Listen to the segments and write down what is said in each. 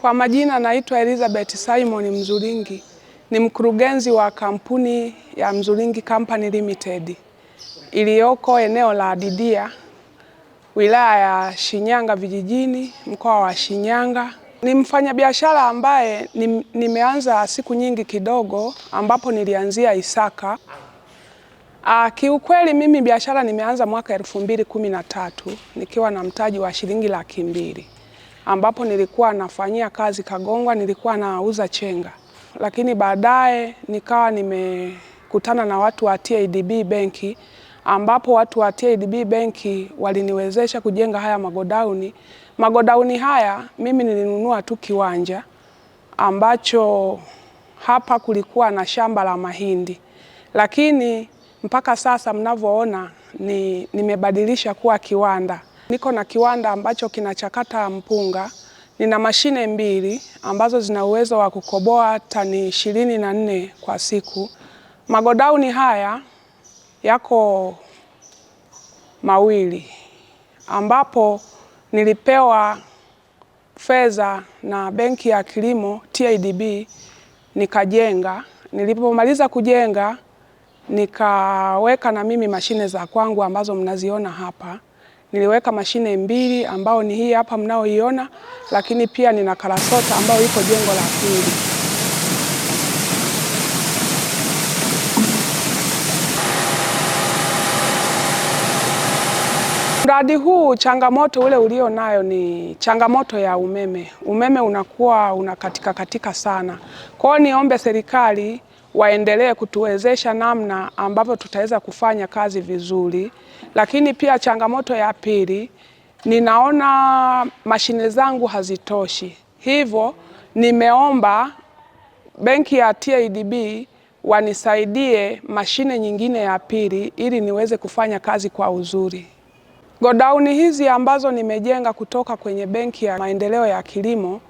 Kwa majina naitwa Elizabeth Simon Mzulingi, ni mkurugenzi wa kampuni ya Mzulingi Company Limited iliyoko eneo la Didia, wilaya ya Shinyanga vijijini, mkoa wa Shinyanga. Ni mfanyabiashara ambaye nimeanza siku nyingi kidogo, ambapo nilianzia Isaka. Aa, kiukweli mimi biashara nimeanza mwaka elfu mbili kumi na tatu nikiwa na mtaji wa shilingi laki mbili ambapo nilikuwa nafanyia kazi Kagongwa, nilikuwa nauza chenga, lakini baadaye nikawa nimekutana na watu wa TADB benki ambapo watu wa TADB benki waliniwezesha kujenga haya magodauni. Magodauni haya mimi nilinunua tu kiwanja ambacho hapa kulikuwa na shamba la mahindi, lakini mpaka sasa mnavyoona ni nimebadilisha kuwa kiwanda. Niko na kiwanda ambacho kinachakata mpunga. Nina mashine mbili ambazo zina uwezo wa kukoboa tani ishirini na nne kwa siku. Magodauni haya yako mawili ambapo nilipewa fedha na Benki ya Kilimo TADB nikajenga. Nilipomaliza kujenga nikaweka na mimi mashine za kwangu ambazo mnaziona hapa niliweka mashine mbili ambao ni hii hapa mnaoiona, lakini pia nina karasota ambayo iko jengo la pili. Mradi huu changamoto ule ulio nayo ni changamoto ya umeme. Umeme unakuwa unakatika katika sana. Kwa hiyo niombe serikali waendelee kutuwezesha namna ambavyo tutaweza kufanya kazi vizuri. Lakini pia changamoto ya pili, ninaona mashine zangu hazitoshi, hivyo nimeomba benki ya TADB wanisaidie mashine nyingine ya pili ili niweze kufanya kazi kwa uzuri. Godauni hizi ambazo nimejenga kutoka kwenye benki ya maendeleo ya kilimo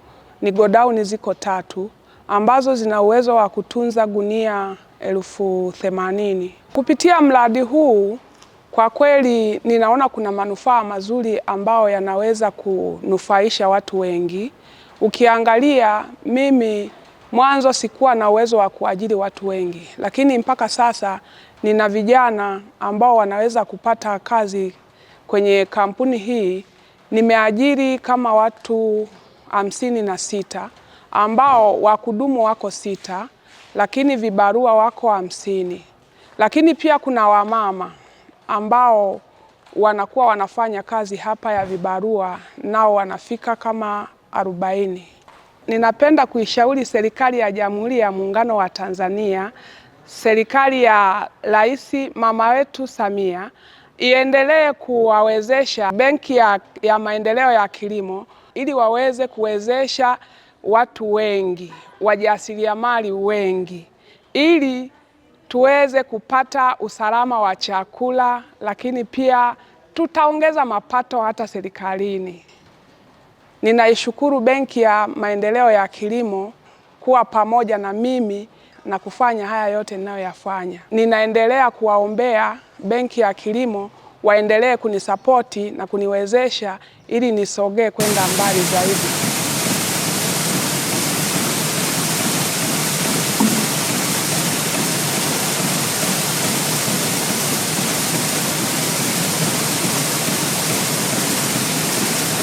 ni godauni ziko tatu ambazo zina uwezo wa kutunza gunia elfu themanini. Kupitia mradi huu kwa kweli ninaona kuna manufaa mazuri ambayo yanaweza kunufaisha watu wengi. Ukiangalia mimi mwanzo sikuwa na uwezo wa kuajiri watu wengi, lakini mpaka sasa nina vijana ambao wanaweza kupata kazi kwenye kampuni hii. Nimeajiri kama watu hamsini na sita ambao wakudumu wako sita, lakini vibarua wako hamsini. Lakini pia kuna wamama ambao wanakuwa wanafanya kazi hapa ya vibarua, nao wanafika kama arobaini. Ninapenda kuishauri serikali ya Jamhuri ya Muungano wa Tanzania, serikali ya Rais mama wetu Samia iendelee kuwawezesha Benki ya, ya Maendeleo ya Kilimo ili waweze kuwezesha watu wengi, wajasiriamali wengi, ili tuweze kupata usalama wa chakula, lakini pia tutaongeza mapato hata serikalini. Ninaishukuru Benki ya Maendeleo ya Kilimo kuwa pamoja na mimi na kufanya haya yote ninayoyafanya. Ninaendelea kuwaombea Benki ya Kilimo waendelee kunisapoti na kuniwezesha ili nisogee kwenda mbali zaidi.